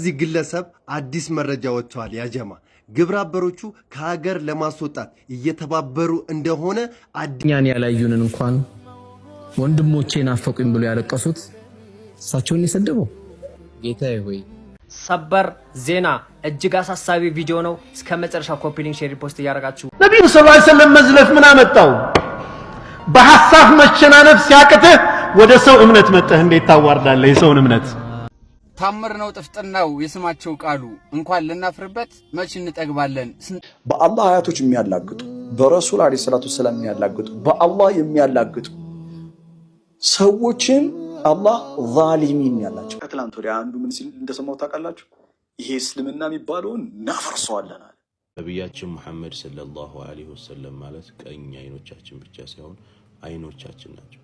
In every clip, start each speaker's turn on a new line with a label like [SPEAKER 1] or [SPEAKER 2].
[SPEAKER 1] እዚህ ግለሰብ አዲስ መረጃ ወጥተዋል። ያጀማ ግብረ አበሮቹ ከሀገር ለማስወጣት እየተባበሩ እንደሆነ አድኛን
[SPEAKER 2] ያላዩንን እንኳን ወንድሞቼ ናፈቁኝ ብሎ ያለቀሱት እሳቸውን የሰደበው
[SPEAKER 3] ጌታ ወይ።
[SPEAKER 4] ሰበር ዜና እጅግ አሳሳቢ ቪዲዮ ነው። እስከ መጨረሻ ኮፒሊንግ ሼር ፖስት እያደረጋችሁ
[SPEAKER 1] ነቢዩ ስ ስለም መዝለፍ ምን አመጣው? በሀሳብ መሸናነፍ ሲያቅትህ ወደ ሰው እምነት መጠህ እንዴት ታዋርዳለህ የሰውን እምነት?
[SPEAKER 4] ታምር ነው ጥፍጥናው የስማቸው ቃሉ እንኳን ልናፍርበት መች እንጠግባለን።
[SPEAKER 1] በአላህ አያቶች የሚያላግጡ በረሱል ዓለይሂ ሰላቱ ወሰላም የሚያላግጡ በአላህ የሚያላግጡ ሰዎችን አላህ ዛሊሚን ያላቸው።
[SPEAKER 4] ከትላንት ወዲያ አንዱ ምን ሲል እንደሰማው ታውቃላችሁ? ይሄ እስልምና የሚባለውን እናፈርሰዋለን አለ
[SPEAKER 5] ነቢያችን መሐመድ ሰለላሁ ዓለይሂ ወሰለም። ማለት ቀኝ አይኖቻችን ብቻ ሳይሆን አይኖቻችን ናቸው።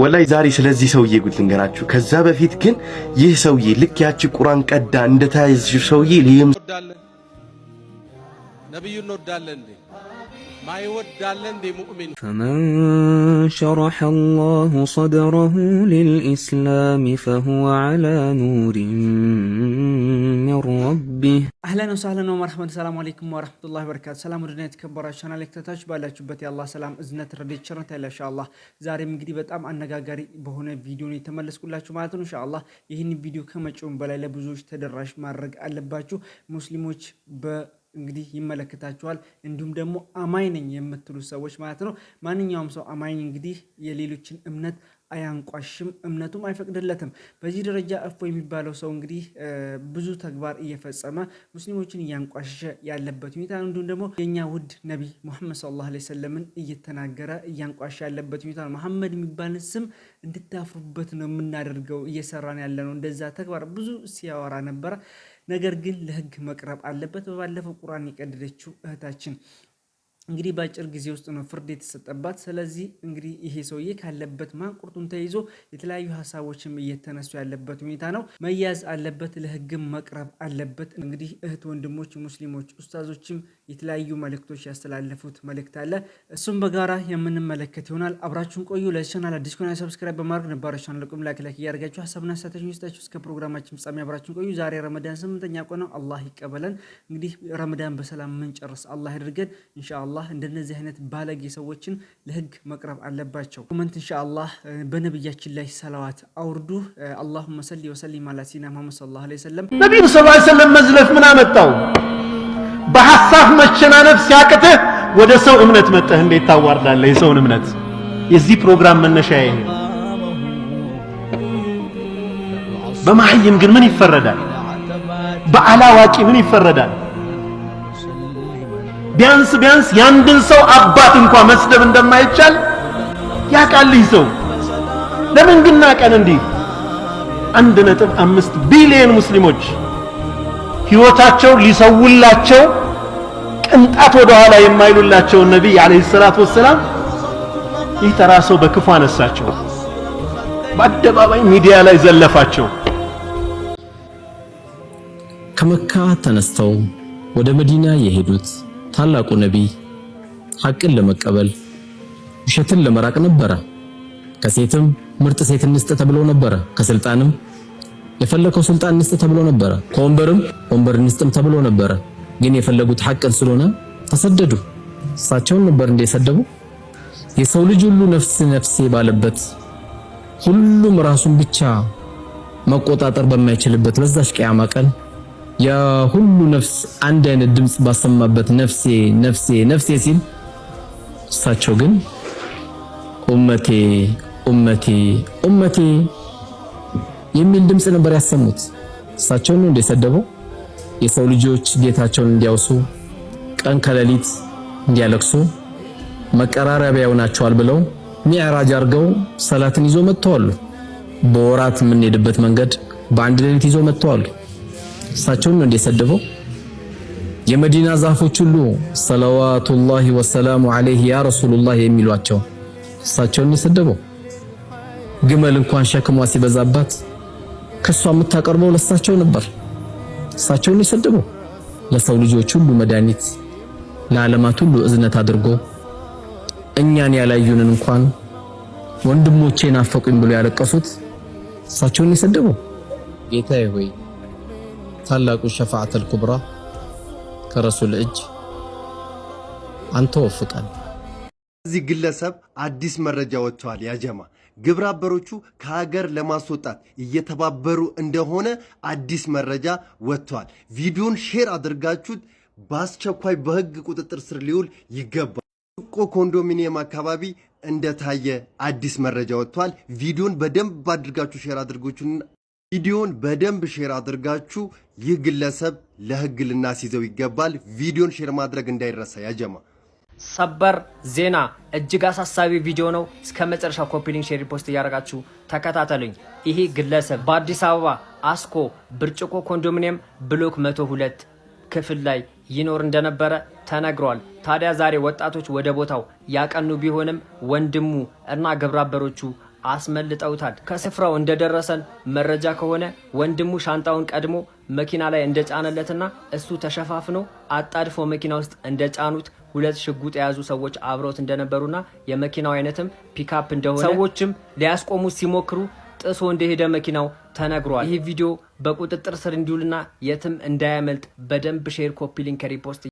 [SPEAKER 1] ወላይ ዛሬ ስለዚህ ሰውዬ ጉድ ልንገራችሁ። ከዛ በፊት ግን ይህ ሰውዬ ልክ ያቺ ቁራን ቀዳ እንደተያዘ ሰውዬ ልይም
[SPEAKER 4] ነብዩ እንወዳለን ማይወዳለ እንዴ ሙእሚን
[SPEAKER 6] ፈመን ሸረሐ አላሁ ሰድረሁ ሊልኢስላም ፈሁወ ዐላ ኑሪን ሚን ረቢህ።
[SPEAKER 7] አህለን ወሳህለን ወመርሐበን። ሰላሙ አለይኩም ወረሕመቱላሂ ወበረካቱ። ሰላም ውድና የተከበራችሁ ቻናል ተከታታዮች ባላችሁበት የአላህ ሰላም እዝነት ረድኤት ቸርነት ያለ ኢንሻአላህ ዛሬም እንግዲህ በጣም አነጋጋሪ በሆነ ቪዲዮ ነው የተመለስኩላችሁ ማለት ነው። ኢንሻአላህ ይህን ቪዲዮ ከመጪውም በላይ ለብዙዎች ተደራሽ ማድረግ አለባችሁ ሙስሊሞች በ እንግዲህ ይመለከታችኋል። እንዲሁም ደግሞ አማኝ ነኝ የምትሉ ሰዎች ማለት ነው። ማንኛውም ሰው አማኝ እንግዲህ የሌሎችን እምነት አያንቋሽም፣ እምነቱም አይፈቅድለትም። በዚህ ደረጃ እፎ የሚባለው ሰው እንግዲህ ብዙ ተግባር እየፈጸመ ሙስሊሞችን እያንቋሸሸ ያለበት ሁኔታ እንዲሁም ደግሞ የእኛ ውድ ነቢ ሙሐመድ ሰለላሁ ዓለይሂ ወሰለምን እየተናገረ እያንቋሸ ያለበት ሁኔታ ነው። መሐመድ የሚባልን ስም እንድታፍሩበት ነው የምናደርገው እየሰራን ያለ ነው። እንደዛ ተግባር ብዙ ሲያወራ ነበረ። ነገር ግን ለህግ መቅረብ አለበት። በባለፈው ቁርአን የቀደደችው እህታችን እንግዲህ በአጭር ጊዜ ውስጥ ነው ፍርድ የተሰጠባት። ስለዚህ እንግዲህ ይሄ ሰውዬ ካለበት ማንቁርቱን ተይዞ የተለያዩ ሀሳቦችም እየተነሱ ያለበት ሁኔታ ነው። መያዝ አለበት፣ ለህግም መቅረብ አለበት። እንግዲህ እህት ወንድሞች፣ ሙስሊሞች፣ ኡስታዞችም የተለያዩ መልእክቶች ያስተላለፉት መልእክት አለ። እሱም በጋራ የምንመለከት ይሆናል። አብራችሁን ቆዩ። ለቻናል አዲስ ኮና ሰብስክራይብ በማድረግ ነባሮች ቻናልቁም ላይክ ላይክ እያደርጋችሁ ሀሳብና ስታተች ውስጣችሁ እስከ ፕሮግራማችን ፍጻሜ አብራችሁን ቆዩ። ዛሬ ረመዳን ስምንተኛ ቀን ነው። አላህ ይቀበለን። እንግዲህ ረመዳን በሰላም ምንጨርስ አላህ ያድርገን ኢንሻአላህ ኢንሻአላህ እንደነዚህ አይነት ባለጌ ሰዎችን ለህግ መቅረብ አለባቸው። ኮመንት ኢንሻአላህ በነብያችን ላይ ሰላዋት አውርዱ። አላሁመ ሰሊ ወሰሊም አላ ሲና ሙሐመድ ሰለላሁ ዐለይሂ ወሰለም።
[SPEAKER 1] ነብዩ ሰለላሁ ዐለይሂ ወሰለም መዝለፍ ምን አመጣው? በሐሳብ መሸናነፍ ሲያቅትህ ወደ ሰው እምነት መጠህ እንዴት ታዋርዳለህ የሰውን እምነት? የዚህ ፕሮግራም መነሻ ይሄ። በመሐይም ግን ምን ይፈረዳል? በአላዋቂ ምን ይፈረዳል? ቢያንስ ቢያንስ ያንድን ሰው አባት እንኳን መስደብ እንደማይቻል ያቃልህ ሰው ለምን ግና ቀን እንዲህ አንድ ነጥብ አምስት ቢሊዮን ሙስሊሞች ህይወታቸው ሊሰውላቸው ቅንጣት ወደ ኋላ የማይሉላቸውን ነቢይ አለይሂ ሰላቱ ወሰላም ይህ ተራ ሰው በክፉ አነሳቸው፣ በአደባባይ ሚዲያ ላይ ዘለፋቸው።
[SPEAKER 2] ከመካ ተነስተው ወደ መዲና የሄዱት ታላቁ ነቢይ ሐቅን ለመቀበል ውሸትን ለመራቅ ነበረ። ከሴትም ምርጥ ሴት እንስጥ ተብሎ ነበረ። ከስልጣንም የፈለከው ስልጣን እንስጥ ተብሎ ነበረ። ከወንበርም ወንበር እንስጥም ተብሎ ነበረ። ግን የፈለጉት ሐቅን ስለሆነ ተሰደዱ። እሳቸውን ነበር እንደ የሰው ልጅ ሁሉ ነፍስ ነፍሴ ባለበት ሁሉም ራሱን ብቻ መቆጣጠር በማይችልበት በዛች ቂያማ ቀን የሁሉ ነፍስ አንድ አይነት ድምፅ ባሰማበት ነፍሴ ነፍሴ ነፍሴ ሲል እሳቸው ግን ኡመቴ ኡመቴ ኡመቴ የሚል ድምፅ ነበር ያሰሙት። እሳቸውን ነው እንደሰደበው የሰው ልጆች ጌታቸውን እንዲያውሱ ቀን ከሌሊት እንዲያለቅሱ መቀራረቢያ ይሆናቸዋል ብለው ሚዕራጅ አድርገው ሰላትን ይዞ መጥተዋል። በወራት የምንሄድበት መንገድ በአንድ ሌሊት ይዞ መጥተዋል። እሳቸውን ነው እንደሰደበው። የመዲና ዛፎች ሁሉ ሰለዋቱላሂ ወሰላሙ ዐለይሂ ያ ረሱሉላህ የሚሏቸው እሳቸውን የሰደበው። ግመል እንኳን ሸክሟ ሲበዛባት ከሷ የምታቀርበው ለእሳቸው ነበር። እሳቸውን የሰደበው ለሰው ልጆች ሁሉ መድኃኒት፣ ለዓለማት ሁሉ እዝነት አድርጎ እኛን ያላዩንን እንኳን ወንድሞቼ ናፈቁኝ ብሎ ያለቀሱት እሳቸውን የሰደበው ጌታዬ ሆይ ታላቁ ሸፋዓተል ኩብራ ከረሱል እጅ አንተ ወፍቀን።
[SPEAKER 1] እዚህ ግለሰብ አዲስ መረጃ ወጥተዋል። ያጀማ ግብረ አበሮቹ ከሀገር ለማስወጣት እየተባበሩ እንደሆነ አዲስ መረጃ ወጥተዋል። ቪዲዮን ሼር አድርጋችሁት በአስቸኳይ በህግ ቁጥጥር ስር ሊውል ይገባል። ቆ ኮንዶሚኒየም አካባቢ እንደታየ አዲስ መረጃ ወጥቷል። ቪዲዮን በደንብ አድርጋችሁ ሼር አድርጎችን ቪዲዮን በደንብ ሼር አድርጋችሁ ይህ ግለሰብ ለህግ ልናስይዘው ይገባል። ቪዲዮን ሼር ማድረግ እንዳይረሳ ያጀማ።
[SPEAKER 4] ሰበር ዜና እጅግ አሳሳቢ ቪዲዮ ነው። እስከ መጨረሻ ኮፒሊንግ ሼር ፖስት እያደረጋችሁ ተከታተሉኝ። ይሄ ግለሰብ በአዲስ አበባ አስኮ ብርጭቆ ኮንዶሚኒየም ብሎክ 102 ክፍል ላይ ይኖር እንደነበረ ተነግሯል። ታዲያ ዛሬ ወጣቶች ወደ ቦታው ያቀኑ ቢሆንም ወንድሙ እና ግብረአበሮቹ አስመልጠውታል። ከስፍራው እንደደረሰን መረጃ ከሆነ ወንድሙ ሻንጣውን ቀድሞ መኪና ላይ እንደጫነለትና እሱ ተሸፋፍኖ አጣድፎ መኪና ውስጥ እንደጫኑት ሁለት ሽጉጥ የያዙ ሰዎች አብረውት እንደነበሩና የመኪናው አይነትም ፒካፕ እንደሆነ ሰዎችም ሊያስቆሙት ሲሞክሩ ጥሶ እንደሄደ መኪናው ተነግሯል። ይህ ቪዲዮ በቁጥጥር ስር እንዲውልና የትም እንዳያመልጥ በደንብ ሼር፣ ኮፒ ሊንክ፣ ሪፖስት